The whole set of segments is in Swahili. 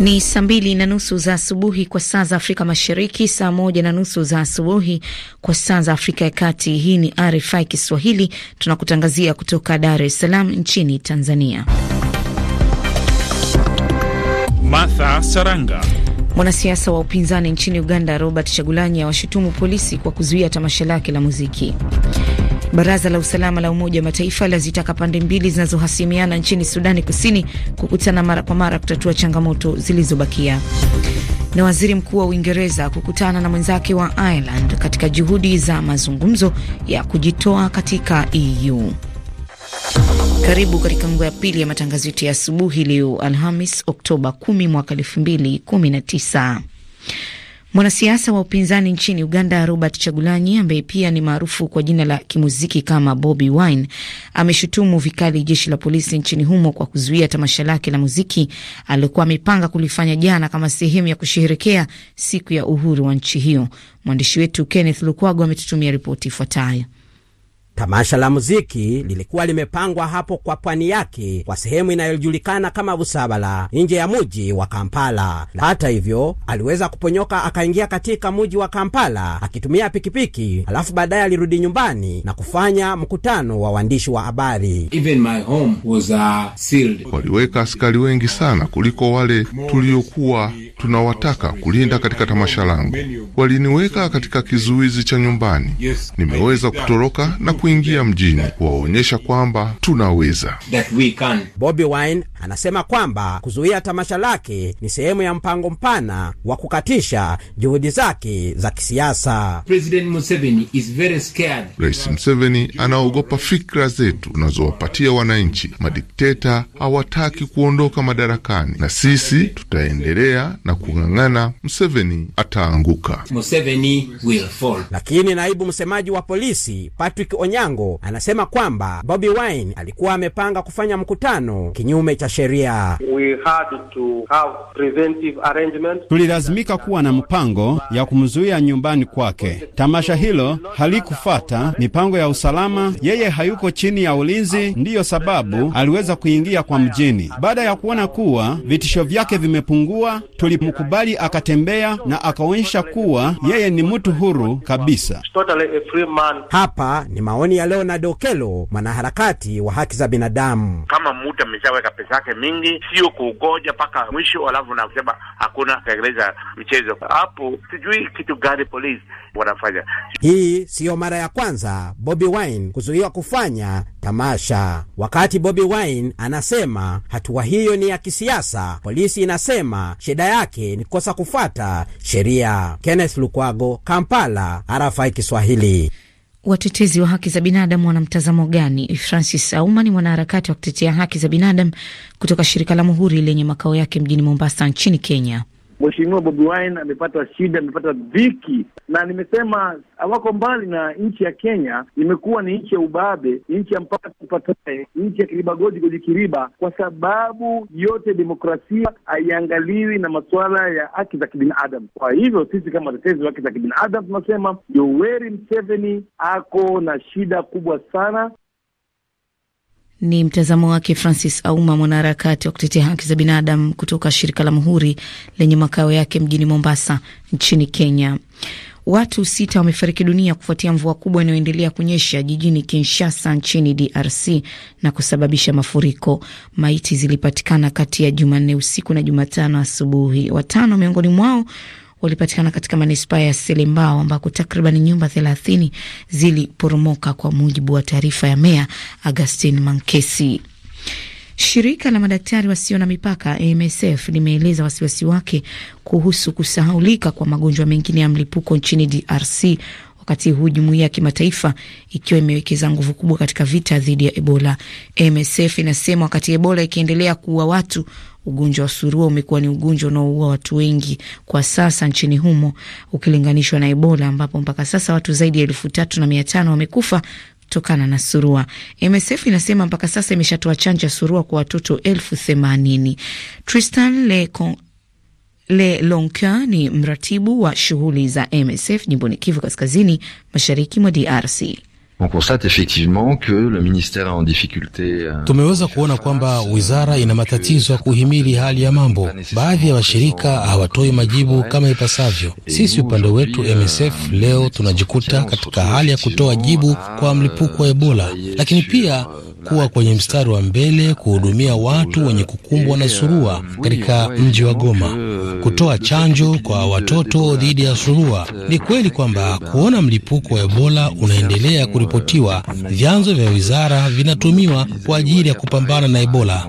Ni saa mbili na nusu za asubuhi kwa saa za Afrika Mashariki, saa moja na nusu za asubuhi kwa saa za Afrika ya Kati. Hii ni RFI Kiswahili, tunakutangazia kutoka Dar es Salaam nchini Tanzania. Martha Saranga. Mwanasiasa wa upinzani nchini Uganda Robert Chagulanyi awashutumu polisi kwa kuzuia tamasha lake la muziki. Baraza la usalama la Umoja wa Mataifa lazitaka pande mbili zinazohasimiana nchini Sudani Kusini kukutana mara kwa mara kutatua changamoto zilizobakia. Na waziri mkuu wa Uingereza kukutana na mwenzake wa Ireland katika juhudi za mazungumzo ya kujitoa katika EU. Karibu katika nguo ya pili ya matangazo yetu ya asubuhi leo Alhamis, Oktoba 10 mwaka 2019. Mwanasiasa wa upinzani nchini Uganda Robert Chagulanyi, ambaye pia ni maarufu kwa jina la kimuziki kama Bobi Wine, ameshutumu vikali jeshi la polisi nchini humo kwa kuzuia tamasha lake la muziki aliyokuwa amepanga kulifanya jana kama sehemu ya kusheherekea siku ya uhuru wa nchi hiyo. Mwandishi wetu Kenneth Lukwago ametutumia ripoti ifuatayo. Tamasha la muziki lilikuwa limepangwa hapo kwa pwani yake kwa sehemu inayojulikana kama Busabala nje ya muji wa Kampala. Hata hivyo, aliweza kuponyoka akaingia katika muji wa Kampala akitumia pikipiki, alafu baadaye alirudi nyumbani na kufanya mkutano wa waandishi wa habari. Uh, Waliweka askari wengi sana kuliko wale tuliokuwa tunawataka kulinda katika tamasha langu. Waliniweka katika kizuizi cha nyumbani, nimeweza kutoroka na ku kuingia mjini kuwaonyesha kwamba tunaweza. Bobi Wine anasema kwamba kuzuia tamasha lake ni sehemu ya mpango mpana wa kukatisha juhudi zake za kisiasa. Rais Museveni anaogopa fikra zetu tunazowapatia wananchi. Madikteta hawataki kuondoka madarakani, na sisi tutaendelea na kung'ang'ana. Museveni ataanguka. Lakini naibu msemaji wa polisi Patrick Onye Onyango anasema kwamba Bobi Wine alikuwa amepanga kufanya mkutano kinyume cha sheria. Tulilazimika kuwa na mpango ya kumzuia nyumbani kwake. Tamasha hilo halikufata mipango ya usalama. Yeye hayuko chini ya ulinzi, ndiyo sababu aliweza kuingia kwa mjini. Baada ya kuona kuwa vitisho vyake vimepungua, tulimkubali akatembea na akaonyesha kuwa yeye ni mtu huru kabisa. Hapa ni maoni Maoni ya Leonardo Kelo, mwanaharakati wa haki za binadamu. Kama mtu ameshaweka pesa yake mingi, sio kuugoja mpaka mwisho, alafu nasema hakuna kutekeleza mchezo hapo, sijui kitu gani polisi wanafanya. Hii siyo mara ya kwanza Bobi Wine kuzuiwa kufanya tamasha. Wakati Bobi Wine anasema hatua hiyo ni ya kisiasa, polisi inasema shida yake ni kukosa kufuata sheria. Kenneth Lukwago, Kampala, RFI Kiswahili watetezi wa haki za binadamu wana mtazamo gani? Francis Auma ni mwanaharakati wa kutetea haki za binadamu kutoka shirika la Muhuri lenye makao yake mjini Mombasa nchini Kenya. Mheshimiwa Bobi Wine amepata shida, amepata dhiki, na nimesema hawako mbali na nchi ya Kenya. Imekuwa ni nchi ya ubabe, nchi ya mpaka tupatae, nchi ya kiriba goji goji kiriba, kwa sababu yote demokrasia haiangaliwi na masuala ya haki za kibinadamu. Kwa hivyo sisi kama watetezi wa haki za kibinadamu tunasema Yoweri Museveni ako na shida kubwa sana, ni mtazamo wake Francis Auma, mwanaharakati wa kutetea haki za binadamu kutoka shirika la Muhuri lenye makao yake mjini Mombasa nchini Kenya. Watu sita wamefariki dunia kufuatia mvua kubwa inayoendelea kunyesha jijini Kinshasa nchini DRC na kusababisha mafuriko. Maiti zilipatikana kati ya Jumanne usiku na Jumatano asubuhi. Watano miongoni mwao ulipatikana katika manispaa ya Selembao ambako takriban nyumba thelathini ziliporomoka kwa mujibu wa taarifa ya meya Agustin Mankesi. Shirika la madaktari wasio na mipaka MSF limeeleza wasiwasi wake kuhusu kusahaulika kwa magonjwa mengine ya mlipuko nchini DRC wakati huu jumuiya ya kimataifa ikiwa imewekeza nguvu kubwa katika vita dhidi ya Ebola. MSF inasema wakati Ebola ikiendelea kuua watu Ugonjwa wa surua umekuwa ni ugonjwa unaoua watu wengi kwa sasa nchini humo ukilinganishwa na Ebola, ambapo mpaka sasa watu zaidi ya elfu tatu na mia tano wamekufa kutokana na surua. MSF inasema mpaka sasa imeshatoa chanjo ya surua kwa watoto elfu themanini. Tristan Le Con Le Lonka ni mratibu wa shughuli za MSF jimboni Kivu Kaskazini, mashariki mwa DRC. On constate effectivement que le ministère en difficulté. Euh, Tumeweza kuona kwamba wizara ina matatizo ya kuhimili hali ya mambo. Baadhi ya washirika hawatoi majibu kama ipasavyo. Sisi upande wetu euh, MSF leo tunajikuta katika hali ya kutoa jibu kwa mlipuko wa Ebola, lakini pia euh, kuwa kwenye mstari wa mbele kuhudumia watu wenye kukumbwa na surua katika mji wa Goma, kutoa chanjo kwa watoto dhidi ya surua. Ni kweli kwamba kuona mlipuko wa Ebola unaendelea kuripotiwa, vyanzo vya wizara vinatumiwa kwa ajili ya kupambana na Ebola.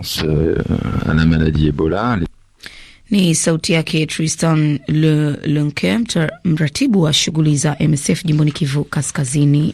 Ni sauti yake Tristan Lunke, mratibu wa shughuli za MSF jimboni Kivu Kaskazini.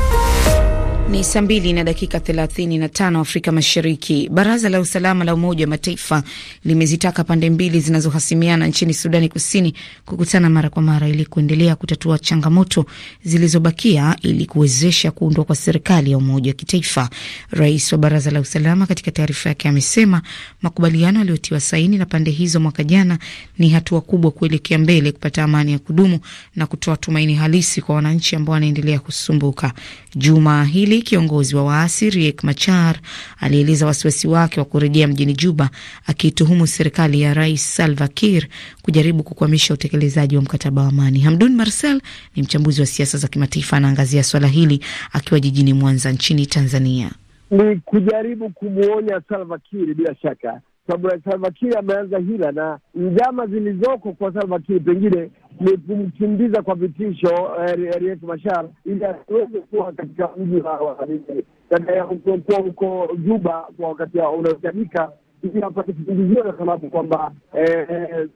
Ni saa mbili na dakika 35 Afrika Mashariki. Baraza la Usalama la Umoja wa Mataifa limezitaka pande mbili zinazohasimiana nchini Sudani Kusini kukutana mara kwa mara ili kuendelea kutatua changamoto zilizobakia ili kuwezesha kuundwa kwa serikali ya umoja wa kitaifa. Rais wa Baraza la Usalama katika taarifa yake amesema makubaliano yaliyotiwa saini na pande hizo mwaka jana ni hatua kubwa kuelekea mbele kupata amani ya kudumu na kutoa tumaini halisi kwa wananchi ambao wanaendelea kusumbuka. Juma hili kiongozi wa waasi Riek Machar alieleza wasiwasi wake wa kurejea mjini Juba, akiituhumu serikali ya Rais Salva Kiir kujaribu kukwamisha utekelezaji wa mkataba wa amani. Hamdun Marcel ni mchambuzi wa siasa za kimataifa, anaangazia swala hili akiwa jijini Mwanza nchini Tanzania. Ni kujaribu kumwonya Salva Kiir bila shaka sababu Salva Kiir ameanza hila na njama zilizoko kwa Salva Kiir pengine ni kumkimbiza kwa vitisho eh, Riek Machar ili asiweze kuwa katika mji wa huko Juba kwa wakati unaohitajika ili apate kisingizio na sababu kwamba eh, eh,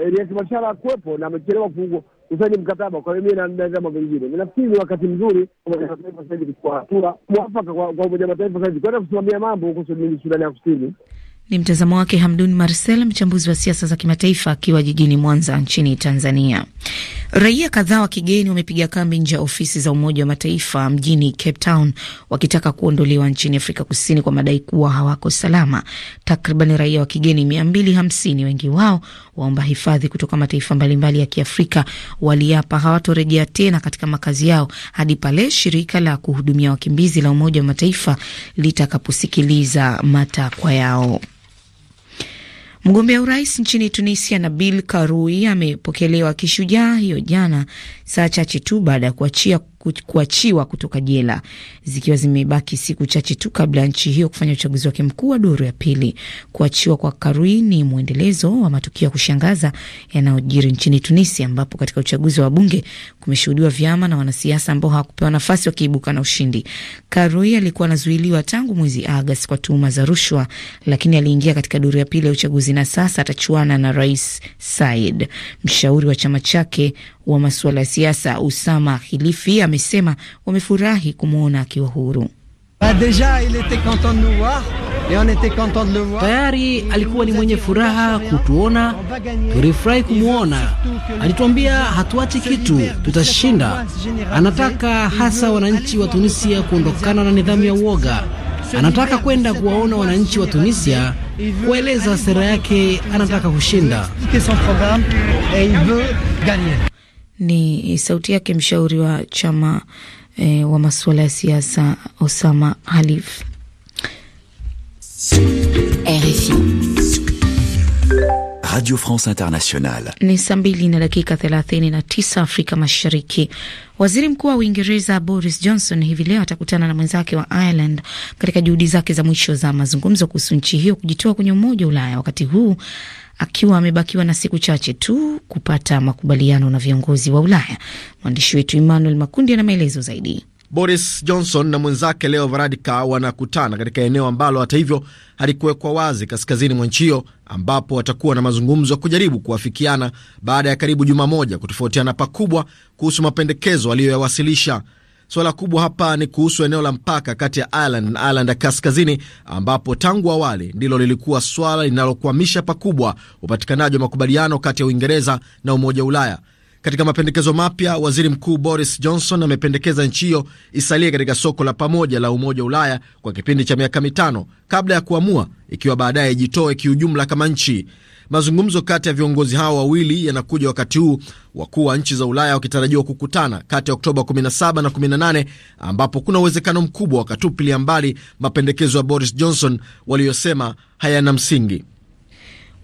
Riek Machar hakuwepo na amechelewa kusaini mkataba. Kwa hiyo mi na vingine, nafikiri ni wakati mzuri Umoja Mataifa sahizi kuchukua hatua mwafaka kwa Umoja Mataifa sahizi kwenda kusimamia mambo huko Sudani ya Kusini. Ni mtazamo wake Hamdun Marcel, mchambuzi wa siasa za kimataifa akiwa jijini Mwanza nchini Tanzania. Raia kadhaa wa kigeni wamepiga kambi nje ya ofisi za Umoja wa Mataifa mjini Cape Town wakitaka kuondolewa nchini Afrika Kusini kwa madai kuwa hawako salama. Takriban raia wa kigeni 250 wengi wao waomba hifadhi kutoka mataifa mbalimbali ya Kiafrika waliapa hawatorejea tena katika makazi yao hadi pale shirika la kuhudumia wakimbizi la Umoja wa Mataifa litakaposikiliza matakwa yao. Mgombea urais nchini Tunisia Nabil Karoui amepokelewa kishujaa hiyo jana saa chache tu baada ya kuachia kuachiwa kutoka jela zikiwa zimebaki siku chache tu kabla ya nchi hiyo kufanya uchaguzi wake mkuu wa duru ya pili. Kuachiwa kwa Karui ni mwendelezo wa matukio ya kushangaza yanayojiri nchini Tunisia, ambapo katika uchaguzi wa bunge kumeshuhudiwa vyama na wanasiasa ambao hawakupewa nafasi wakiibuka na ushindi. Karui alikuwa anazuiliwa tangu mwezi Agosti kwa tuhuma za rushwa, lakini aliingia katika duru ya pili ya uchaguzi na sasa atachuana na Rais Said. Mshauri wa chama chake wa masuala ya siasa Usama Khilifi amesema wamefurahi kumwona akiwa huru. Tayari alikuwa ni mwenye furaha kutuona, tulifurahi kumwona. Alituambia hatuachi kitu, tutashinda. Anataka hasa wananchi wa Tunisia kuondokana na nidhamu ya uoga. Anataka kwenda kuwaona wananchi wa Tunisia, kueleza sera yake, anataka kushinda. Ni sauti yake mshauri wa chama e, wa masuala ya siasa Osama Halif. RFI Radio France Internationale. Ni saa mbili na dakika 39 Afrika Mashariki. Waziri Mkuu wa Uingereza Boris Johnson hivi leo atakutana na mwenzake wa Ireland katika juhudi zake za mwisho za mazungumzo kuhusu nchi hiyo kujitoa kwenye Umoja wa Ulaya, wakati huu akiwa amebakiwa na siku chache tu kupata makubaliano na viongozi wa Ulaya. Mwandishi wetu Emmanuel Makundi ana maelezo zaidi. Boris Johnson na mwenzake Leo Varadkar wanakutana katika eneo ambalo hata hivyo halikuwekwa wazi kaskazini mwa nchi hiyo, ambapo watakuwa na mazungumzo ya kujaribu kuafikiana baada ya karibu juma moja kutofautiana pakubwa kuhusu mapendekezo aliyoyawasilisha. Suala kubwa hapa ni kuhusu eneo la mpaka kati ya Ireland na Ireland ya Kaskazini, ambapo tangu awali ndilo lilikuwa swala linalokwamisha pakubwa upatikanaji wa makubaliano kati ya Uingereza na Umoja wa Ulaya. Katika mapendekezo mapya, waziri mkuu Boris Johnson amependekeza nchi hiyo isalie katika soko la pamoja la Umoja wa Ulaya kwa kipindi cha miaka mitano kabla ya kuamua ikiwa baadaye ijitoe kiujumla kama nchi. Mazungumzo kati ya viongozi hao wawili yanakuja wakati huu wakuu wa nchi za Ulaya wakitarajiwa kukutana kati ya Oktoba 17 na 18, ambapo kuna uwezekano mkubwa wakatupilia mbali mapendekezo ya Boris Johnson waliyosema hayana msingi.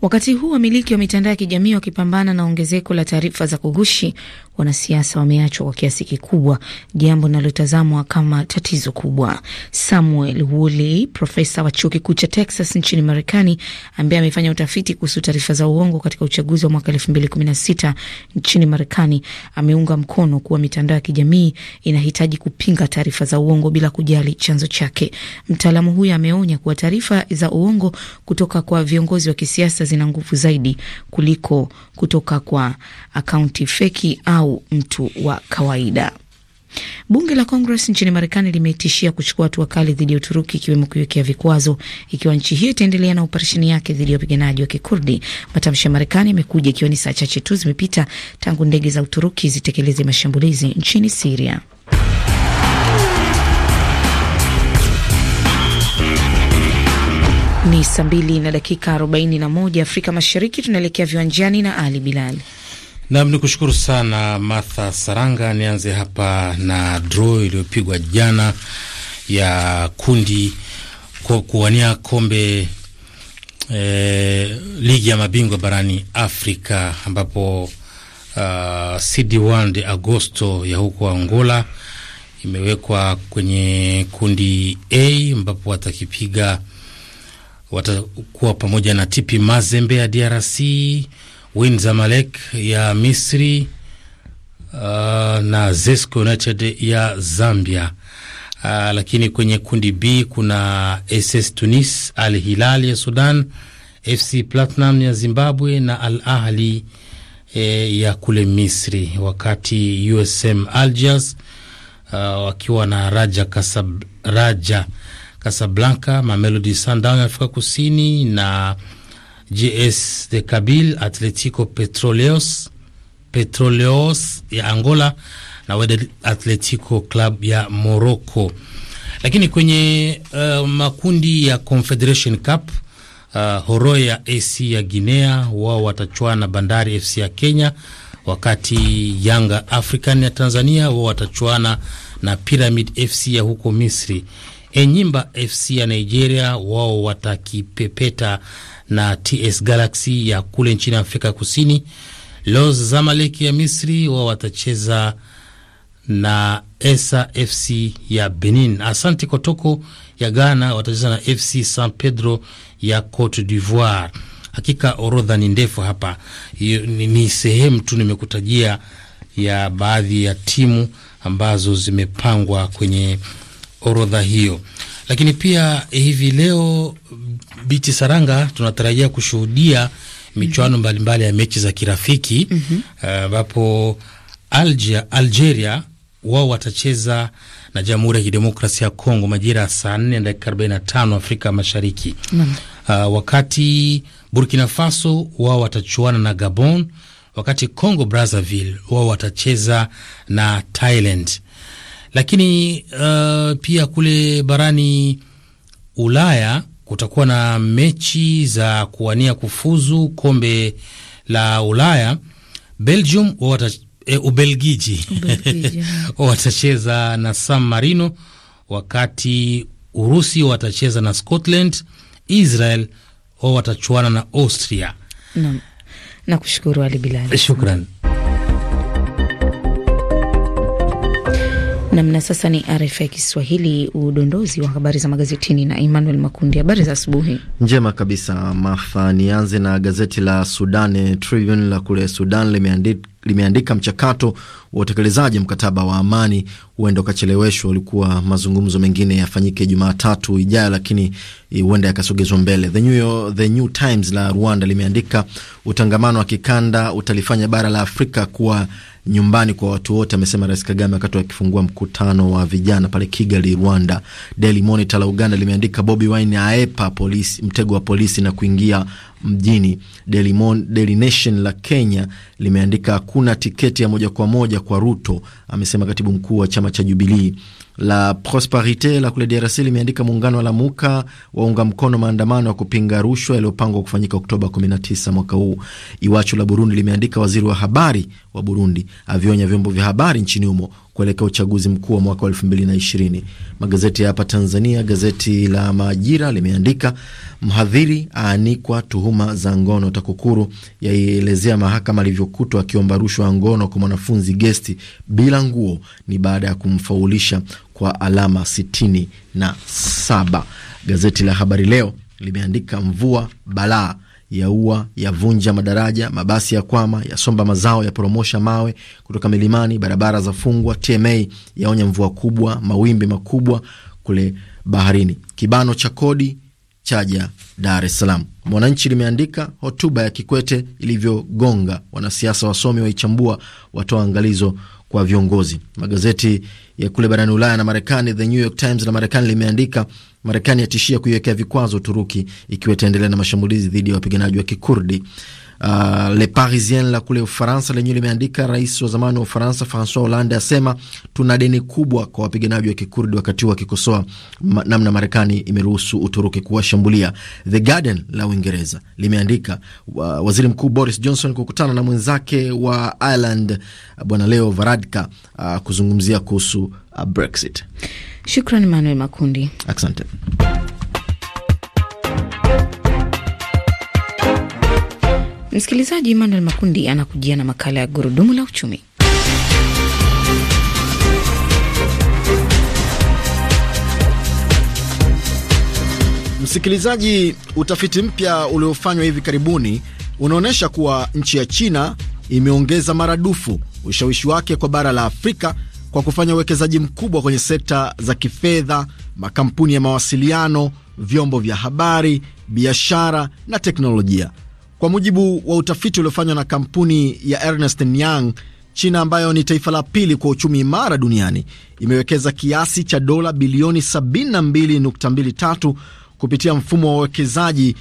Wakati huu wamiliki wa mitandao ya kijamii wakipambana na ongezeko la taarifa za kugushi, wanasiasa wameachwa kwa kiasi kikubwa, jambo linalotazamwa kama tatizo kubwa. Samuel Woolley, profesa wa chuo kikuu cha Texas nchini Marekani, ambaye amefanya utafiti kuhusu taarifa za uongo katika uchaguzi wa mwaka elfu mbili kumi na sita nchini Marekani, ameunga mkono kuwa mitandao ya kijamii inahitaji kupinga taarifa za uongo bila kujali chanzo chake. Mtaalamu huyo ameonya kuwa taarifa za uongo kutoka kwa viongozi wa kisiasa zina nguvu zaidi kuliko kutoka kwa akaunti feki au au mtu wa kawaida. Bunge la Congress nchini Marekani limetishia kuchukua hatua kali dhidi ya Uturuki, ikiwemo kuiwekea vikwazo ikiwa nchi hiyo itaendelea na operesheni yake dhidi ya wapiganaji wa Kikurdi. Matamshi ya Marekani yamekuja ikiwa ni saa chache tu zimepita tangu ndege za Uturuki zitekeleze mashambulizi nchini Siria. Ni saa mbili na dakika 41 Afrika Mashariki. Tunaelekea viwanjani na Ali Bilali. Nam ni kushukuru sana Martha Saranga. Nianze hapa na dro iliyopigwa jana ya kundi kuwania kombe e, ligi ya mabingwa barani Afrika ambapo uh, ah, CD1 de Agosto ya huko Angola imewekwa kwenye kundi A ambapo watakipiga watakuwa pamoja na TP Mazembe ya DRC Win Zamalek ya Misri uh, na Zesco United ya Zambia. Uh, lakini kwenye kundi B kuna SS Tunis, Al Hilal ya Sudan, FC Platinum ya Zimbabwe na Al Ahli eh, ya kule Misri, wakati USM Algiers uh, wakiwa na Raja, Kasab, Raja Casablanca, Mamelodi Sundowns ya Afrika Kusini na JS de Kabil, Atletico Petroleos, Petroleos ya Angola na Wydad Atletico Club ya Morocco. Lakini kwenye uh, makundi ya Confederation Cup uh, Horoya AC ya Guinea wao watachuana na Bandari FC ya Kenya, wakati Yanga African ya Tanzania wao watachuana na Pyramid FC ya huko Misri. Enyimba FC ya Nigeria wao watakipepeta na TS Galaxy ya kule nchini Afrika Kusini. Los Zamalek ya Misri wao watacheza na Esa FC ya Benin. Asante Kotoko ya Ghana watacheza na FC San Pedro ya Cote d'Ivoire. Hakika orodha ni ndefu hapa, ni, ni sehemu tu nimekutajia ya baadhi ya timu ambazo zimepangwa kwenye orodha hiyo, lakini pia hivi leo Biti Saranga, tunatarajia kushuhudia michuano mm -hmm. mbalimbali ya mechi za kirafiki mhm. eh, ambapo mm -hmm. uh, Algeria, Algeria wao watacheza na Jamhuri ya Kidemokrasia ya Kongo majira ya saa na dakika tano Afrika Mashariki mm -hmm. uh, wakati Burkina Faso wao watachuana na Gabon, wakati Congo Brazzaville wao watacheza na Thailand. Lakini uh, pia kule barani Ulaya kutakuwa na mechi za kuwania kufuzu kombe la Ulaya. Belgium wata, e, Ubelgiji, watacheza na San Marino, wakati Urusi watacheza na Scotland. Israel wao watachuana na Austria. Naam, nakushukuru Ali Bilali, shukran. Namna sasa ni RFI ya Kiswahili, udondozi wa habari za magazetini na Emmanuel Makundi. Habari za asubuhi. Njema kabisa Martha, nianze na gazeti la Sudan Tribune la kule Sudan limeandika limeandika mchakato wa utekelezaji mkataba wa amani huenda ukacheleweshwa. Ulikuwa mazungumzo mengine yafanyike Jumatatu ijayo, lakini huenda yakasogezwa mbele. The New, The New Times la Rwanda limeandika utangamano wa kikanda utalifanya bara la Afrika kuwa nyumbani kwa watu wote, amesema Rais Kagame wakati akifungua mkutano wa vijana pale Kigali, Rwanda. Daily Monitor la Uganda limeandika Bobi Wine aepa polisi, mtego wa polisi na kuingia mjini. Daily, Mon, Daily Nation la Kenya limeandika hakuna tiketi ya moja kwa moja kwa Ruto, amesema katibu mkuu wa chama cha Jubilii la Prosperite la kule DRC limeandika muungano wa Lamuka waunga mkono maandamano ya kupinga rushwa yaliyopangwa kufanyika Oktoba 19 mwaka huu. Iwachu la Burundi limeandika waziri wa habari wa Burundi avionya vyombo vya habari nchini humo kuelekea uchaguzi mkuu wa mwaka wa ishirini. Magazeti ya hapa Tanzania, gazeti la Majira limeandika mhadhiri aanikwa tuhuma za ngono, TAKUKURU yaielezea mahakama alivyokutwa akiomba rushwa ya ngono kwa mwanafunzi gesti bila nguo, ni baada ya kumfaulisha kwa alama saba. Gazeti la Habari Leo limeandika mvua balaa yaua, yavunja madaraja, mabasi ya kwama, yasomba mazao, ya poromosha mawe kutoka milimani, barabara za fungwa. TMA yaonya mvua kubwa, mawimbi makubwa kule baharini. Kibano cha kodi chaja Dar es Salaam. Mwananchi limeandika hotuba ya Kikwete ilivyogonga wanasiasa, wasomi waichambua, watoa angalizo kwa viongozi. Magazeti ya kule barani Ulaya na Marekani, The New York Times la Marekani limeandika Marekani yatishia kuiwekea vikwazo Uturuki ikiwa itaendelea na mashambulizi dhidi ya wapiganaji wa Kikurdi. Uh, ah, Le Parisien la kule Ufaransa lenyewe limeandika rais wa zamani wa Ufaransa Francois Hollande asema tuna deni kubwa kwa wapiganaji wa Kikurdi, wakati huo akikosoa ma, namna Marekani imeruhusu Uturuki kuwashambulia. The Guardian la Uingereza limeandika wa, waziri mkuu Boris Johnson kukutana na mwenzake wa Ireland bwana Leo Varadka uh, ah, kuzungumzia kuhusu uh, Brexit. Shukran Manuel Makundi, asante. Msikilizaji, Emmanuel Makundi anakujia na makala ya gurudumu la uchumi. Msikilizaji, utafiti mpya uliofanywa hivi karibuni unaonyesha kuwa nchi ya China imeongeza maradufu ushawishi wake kwa bara la Afrika kwa kufanya uwekezaji mkubwa kwenye sekta za kifedha, makampuni ya mawasiliano, vyombo vya habari, biashara na teknolojia. Kwa mujibu wa utafiti uliofanywa na kampuni ya Ernst Young, China ambayo ni taifa la pili kwa uchumi imara duniani imewekeza kiasi cha dola bilioni 72.23 kupitia mfumo wa uwekezaji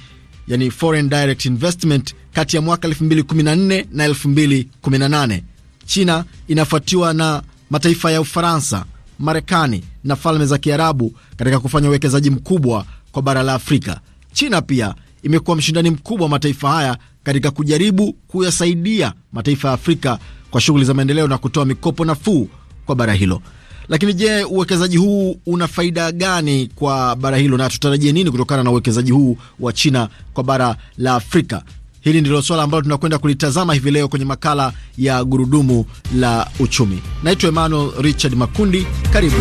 yani foreign direct investment kati ya mwaka 2014 na 2018. China inafuatiwa na mataifa ya Ufaransa, Marekani na Falme za Kiarabu katika kufanya uwekezaji mkubwa kwa bara la Afrika. China pia imekuwa mshindani mkubwa wa mataifa haya katika kujaribu kuyasaidia mataifa ya Afrika kwa shughuli za maendeleo na kutoa mikopo nafuu kwa bara hilo. Lakini je, uwekezaji huu una faida gani kwa bara hilo na tutarajie nini kutokana na uwekezaji huu wa China kwa bara la Afrika? Hili ndilo swala ambalo tunakwenda kulitazama hivi leo kwenye makala ya Gurudumu la Uchumi. Naitwa Emmanuel Richard Makundi, karibu.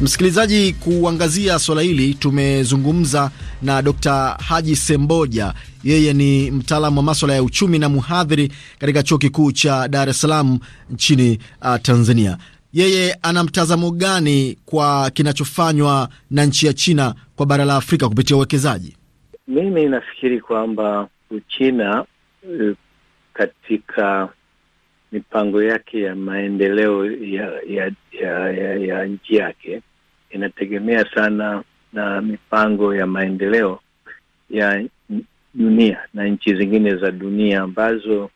Msikilizaji, kuangazia swala hili tumezungumza na Dr. Haji Semboja. Yeye ni mtaalamu wa maswala ya uchumi na mhadhiri katika chuo kikuu cha Dar es Salaam nchini uh, Tanzania. Yeye ana mtazamo gani kwa kinachofanywa na nchi ya China kwa bara la Afrika kupitia uwekezaji? Mimi nafikiri kwamba Uchina eh, katika mipango yake ya maendeleo ya ya, ya, ya, ya nchi yake inategemea sana na mipango ya maendeleo ya dunia na nchi zingine za dunia ambazo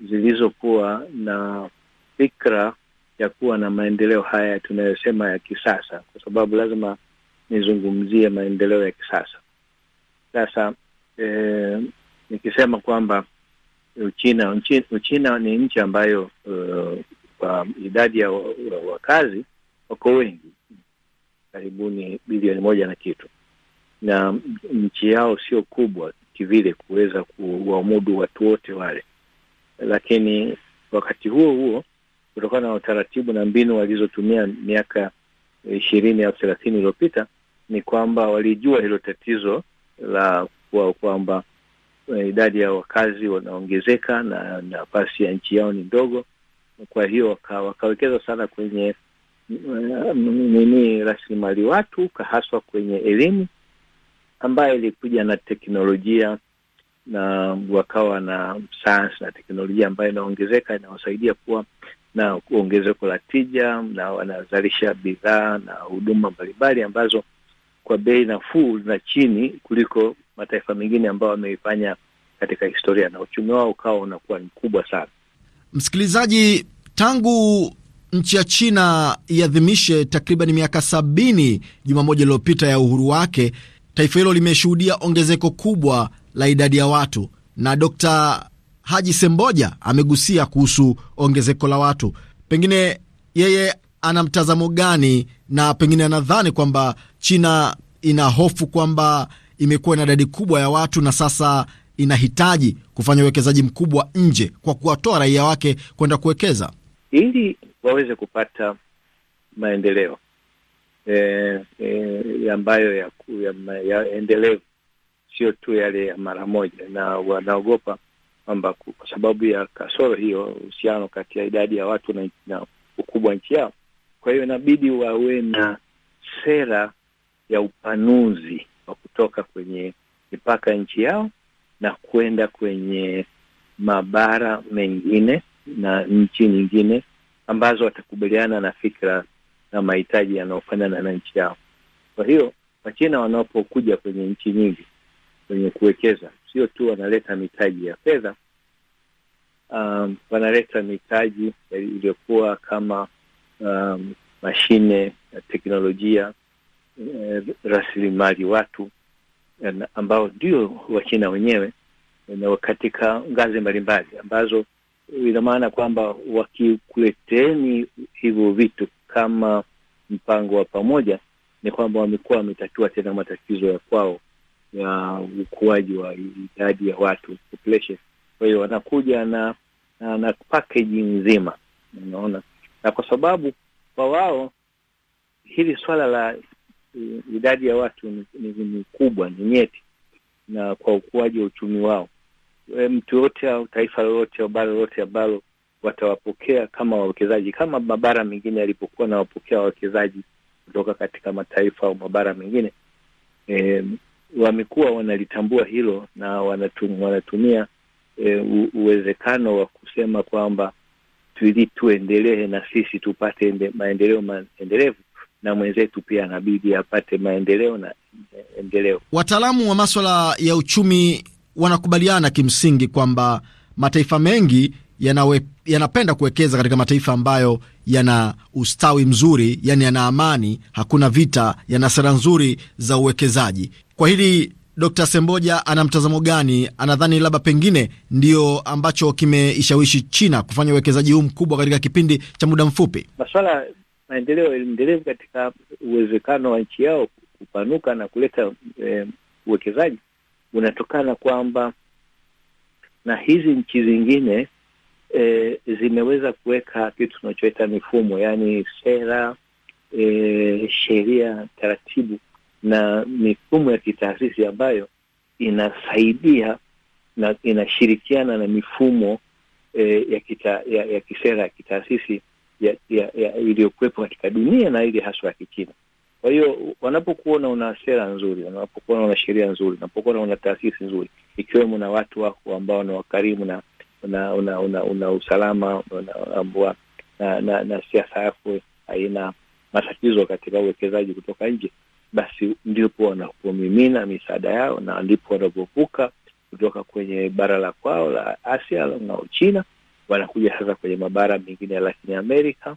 zilizokuwa na fikra ya kuwa na maendeleo haya tunayosema ya kisasa, kwa sababu lazima nizungumzie maendeleo ya kisasa. Sasa e, nikisema kwamba Uchina Uchina, Uchina ni nchi ambayo uh, kwa idadi ya wakazi wa, wa wako wengi karibuni bilioni moja na kitu, na nchi yao sio kubwa kivile kuweza kuwamudu watu wote wale, lakini wakati huo huo, kutokana na utaratibu na mbinu walizotumia miaka ishirini au thelathini iliyopita, ni kwamba walijua hilo tatizo la kuwa kwamba e, idadi ya wakazi wanaongezeka na nafasi ya nchi yao ni ndogo. Kwa hiyo waka, wakawekeza sana kwenye nini rasilimali watu haswa kwenye elimu, ambayo ilikuja na teknolojia na wakawa na sayansi na teknolojia ambayo inaongezeka inawasaidia kuwa na ongezeko la tija na wanazalisha bidhaa na huduma mbalimbali ambazo kwa bei nafuu na chini kuliko mataifa mengine ambayo wameifanya katika historia, na uchumi wao ukawa unakuwa ni mkubwa sana. Msikilizaji, tangu Nchi ya China iadhimishe takriban miaka sabini juma moja iliyopita ya uhuru wake. Taifa hilo limeshuhudia ongezeko kubwa la idadi ya watu, na Dkt Haji Semboja amegusia kuhusu ongezeko la watu. Pengine yeye ana mtazamo gani, na pengine anadhani kwamba China ina hofu kwamba imekuwa na idadi kubwa ya watu na sasa inahitaji kufanya uwekezaji mkubwa nje kwa kuwatoa raia wake kwenda kuwekeza. Hili waweze kupata maendeleo e, e, ambayo ya, ya, ya endelevu, sio tu yale ya mara moja, na wanaogopa kwamba kwa sababu ya kasoro hiyo, uhusiano kati ya idadi ya watu na, na ukubwa nchi yao, kwa hiyo inabidi wawe na sera ya upanuzi wa kutoka kwenye mipaka nchi yao na kwenda kwenye mabara mengine na nchi nyingine ambazo watakubaliana na fikra na mahitaji yanayofanana na nchi yao. Kwa hiyo Wachina wanapokuja kwenye nchi nyingi kwenye kuwekeza, sio tu wanaleta mitaji ya fedha, um, wanaleta mitaji iliyokuwa kama um, mashine na teknolojia, eh, rasilimali watu eh, ambao ndio Wachina wenyewe eh, katika ngazi mbalimbali ambazo ina maana kwamba wakikuleteni hivyo vitu kama mpango wa pamoja, ni kwamba wamekuwa wametatua tena matatizo ya kwao ya ukuaji wa idadi ya watu population. Kwa hiyo wanakuja na na, na package nzima, unaona, na kwa sababu kwa wao hili swala la idadi ya watu ni, ni, ni kubwa, ni nyeti na kwa ukuaji wa uchumi wao e, mtu yoyote au taifa lolote au bara lolote ambalo watawapokea kama wawekezaji, kama mabara mengine yalipokuwa nawapokea wawekezaji kutoka katika mataifa au mabara mengine e, wamekuwa wanalitambua hilo na wanatum, wanatumia e, u, uwezekano wa kusema kwamba tuili tuendelee na sisi tupate ende, maendeleo maendelevu na mwenzetu pia anabidi apate maendeleo na e, endeleo. Wataalamu wa maswala ya uchumi wanakubaliana kimsingi kwamba mataifa mengi yanawe, yanapenda kuwekeza katika mataifa ambayo yana ustawi mzuri, yani yana amani, hakuna vita, yana sera nzuri za uwekezaji. Kwa hili Dkt. Semboja ana mtazamo gani? Anadhani labda pengine ndiyo ambacho kimeishawishi China kufanya uwekezaji huu mkubwa katika kipindi cha muda mfupi. Masuala maendeleo endelevu katika uwezekano wa nchi yao kupanuka na kuleta eh, uwekezaji unatokana kwamba na hizi nchi zingine e, zimeweza kuweka kitu tunachoita mifumo, yaani sera e, sheria, taratibu na mifumo ya kitaasisi ambayo inasaidia na inashirikiana na mifumo e, ya, kita, ya ya kisera ya kitaasisi ya, ya, ya iliyokuwepo katika dunia na ile haswa ya Kichina. Kwa hiyo wanapokuona una sera nzuri, wanapokuona una sheria nzuri, wanapokuona una taasisi nzuri, ikiwemo na watu wako ambao ni wakarimu na una una, una, una usalama ambua, na, na, na siasa yako haina matatizo katika uwekezaji kutoka nje, basi ndipo wanapomimina misaada yao na ndipo wanapovuka kutoka kwenye bara la kwao la Asia na Uchina, wanakuja sasa kwenye mabara mengine ya Latini Amerika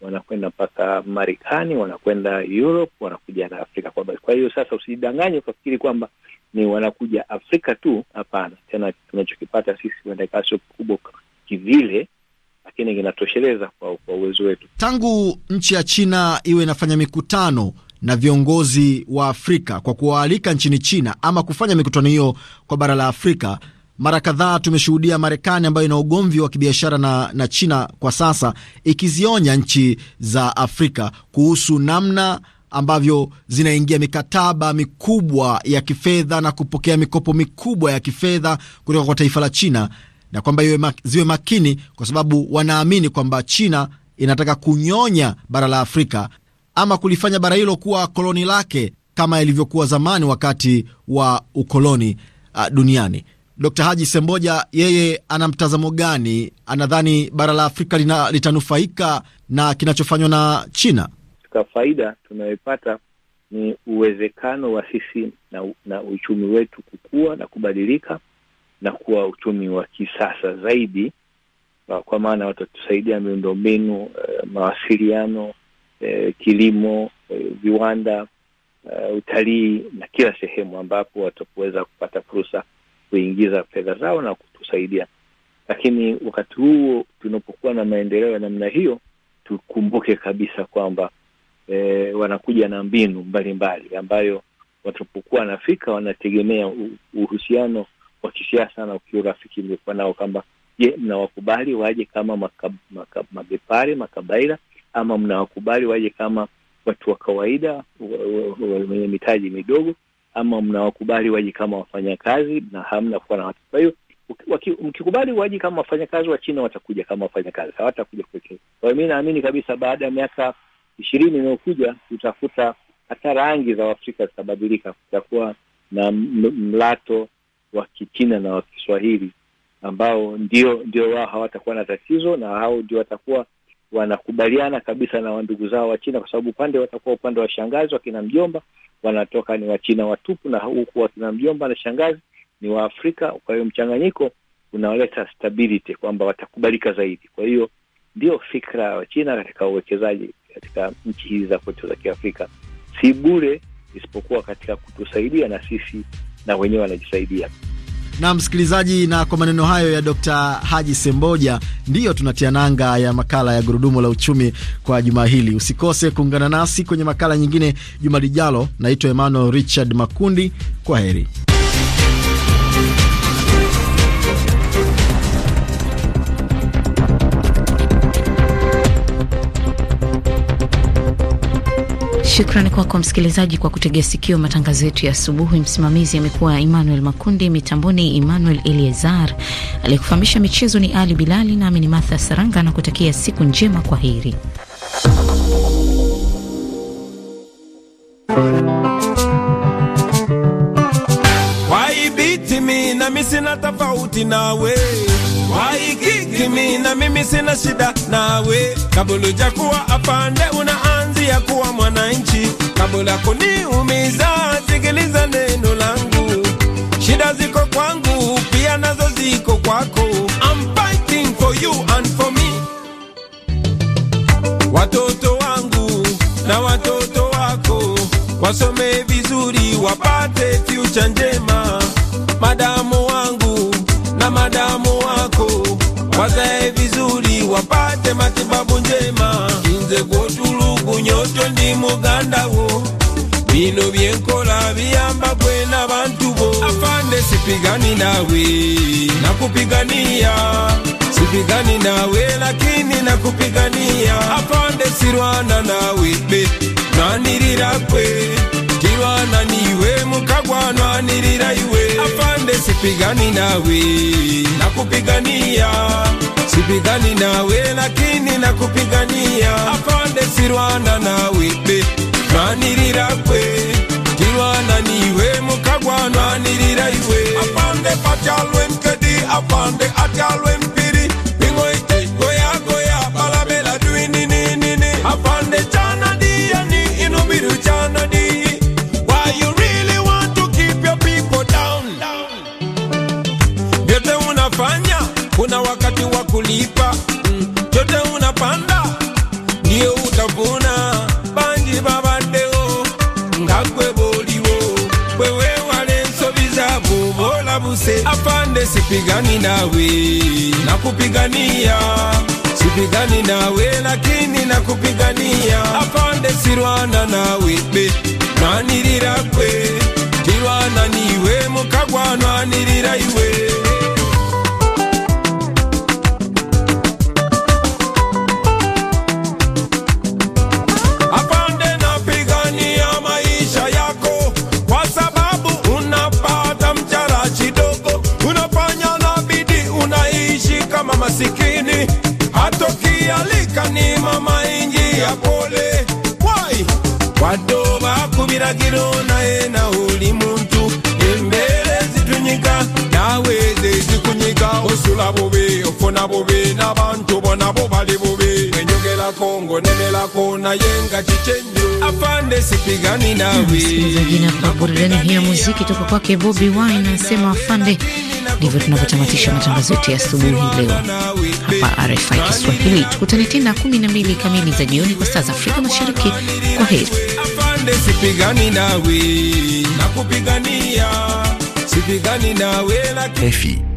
wanakwenda mpaka Marekani, wanakwenda Europe, wanakuja na Afrika kwa Kwa hiyo sasa usijidanganye ukafikiri kwamba ni wanakuja Afrika tu, hapana. Tena tunachokipata sisi huenda ikawa sio kikubwa kivile, lakini kinatosheleza kwa, kwa uwezo wetu. Tangu nchi ya China iwe inafanya mikutano na viongozi wa Afrika kwa kuwaalika nchini China ama kufanya mikutano hiyo kwa bara la Afrika, mara kadhaa tumeshuhudia Marekani ambayo ina ugomvi wa kibiashara na, na China kwa sasa ikizionya nchi za Afrika kuhusu namna ambavyo zinaingia mikataba mikubwa ya kifedha na kupokea mikopo mikubwa ya kifedha kutoka kwa taifa la China na kwamba ziwe makini kwa sababu wanaamini kwamba China inataka kunyonya bara la Afrika ama kulifanya bara hilo kuwa koloni lake kama ilivyokuwa zamani wakati wa ukoloni uh, duniani. Dkt. Haji Semboja, yeye ana mtazamo gani? Anadhani bara la Afrika lina, litanufaika na kinachofanywa na China? ka faida tunayoipata ni uwezekano wa sisi na, na uchumi wetu kukua na kubadilika na kuwa uchumi wa kisasa zaidi, kwa maana watatusaidia miundombinu, eh, mawasiliano, eh, kilimo, eh, viwanda, utalii na kila sehemu ambapo wataweza kupata fursa kuingiza fedha zao na kutusaidia. Lakini wakati huo tunapokuwa na maendeleo ya namna hiyo, tukumbuke kabisa kwamba e, wanakuja na mbinu mbalimbali mbali, ambayo watapokuwa wanafika wanategemea uhusiano wa kisiasa na kiurafiki uliokuwa nao, kwamba je, mnawakubali waje kama makab, makab, mabepari makabaila ama mnawakubali waje kama watu wa kawaida wenye mitaji midogo ama mnawakubali waji kama wafanyakazi na hamna kuwa na watu. Kwa hiyo mkikubali waji kama wafanyakazi, Wachina watakuja kama wafanyakazi, hawatakuja pekee. Kwa hiyo mi naamini kabisa baada ya miaka ishirini inayokuja tutakuta hata rangi za Waafrika zitabadilika, kutakuwa na mlato wa Kichina na wa Kiswahili ambao ndio ndio wao hawatakuwa na tatizo, na hao ndio watakuwa wanakubaliana kabisa na wandugu zao wa China, kwa sababu upande watakuwa upande wa shangazi wakina mjomba wanatoka ni Wachina watupu, na huku wakina mjomba na shangazi ni Waafrika. Kwa hiyo mchanganyiko unaoleta stability kwamba watakubalika zaidi. Kwa hiyo ndio fikra ya Wachina katika uwekezaji katika nchi hizi za kwetu za Kiafrika, si bure, isipokuwa katika kutusaidia na sisi na wenyewe wanajisaidia na msikilizaji, na kwa maneno hayo ya Dr. Haji Semboja, ndiyo tunatia nanga ya makala ya gurudumu la uchumi kwa juma hili. Usikose kuungana nasi kwenye makala nyingine juma lijalo. Naitwa Emmanuel Richard Makundi, kwa heri. Shukrani kwako msikilizaji kwa kutegea sikio matangazo yetu ya asubuhi. Msimamizi amekuwa Emmanuel Makundi, mitamboni Emmanuel eliezar aliyekufahamisha michezo ni Ali Bilali, nami ni Martha Saranga na kutakia siku njema. Kwa heri. Waibiti misina tofauti nawe kimi na mimi sina shida nawe. Kabuluja kuwa apande, unaanzia kuwa mwananchi. Kabula kuniumiza, sikiliza neno langu. Shida ziko kwangu, pia nazo ziko kwako. I'm fighting for you and for me. Watoto wangu na watoto wako wasome vizuri, wapate future njema madamu wapate matibabu njema inze gwotuluku nyoto ndi mugandawo bino byenkola biyamba gwe bantu bo afande sipigani nawe nakupigania sipigani nawe lakini nakupigania afande sirwana nawe be nanirira kwe tirwana niwe mukagwanwanirira iwe afande Mzalende, sipigani nawe, nakupigania. Sipigani nawe lakini nakupigania. Afande, sirwana nawe be manirira kwe kirwana niwe mukagwanwanirira iwe afande patyalwe mkedi afande atyalwe nawe, nakupigania sipigani nawe, lakini nakupigania apande sirwana nawe be nanirira kwe tirwana niwe mukagwa nwanirira iwe tupigane nawe. Msikilizaji, na burudani hii ya muziki toka kwake Bobi Wine anasema afande. Ndivyo tunavyotamatisha matangazo yetu ya asubuhi leo hapa RFI Kiswahili. Tukutane tena 12 kamili za jioni kwa saa za Afrika Mashariki. Kwa heri. Sipigani nawe, nakupigania, sipigani nawe.